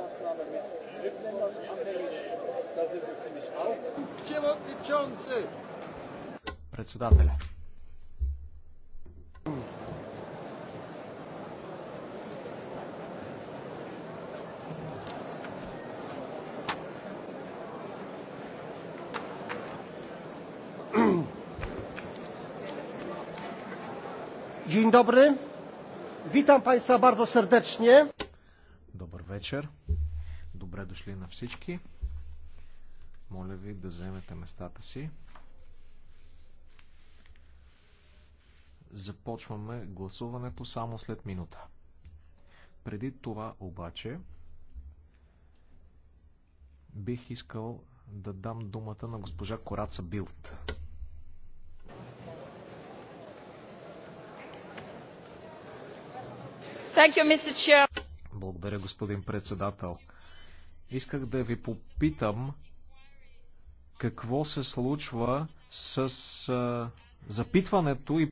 mit Drittländern Da sind wir ziemlich auf. Председателя. Dzień dobry. Witam Państwa bardzo serdecznie. Dobry wieczór. Добре дошли на всички. Моля ви да вземете местата си. Започваме гласуването само след минута. Преди това обаче бих искал да дам думата на госпожа Кораца Билт. Благодаря, господин председател исках да ви попитам какво се случва с запитването и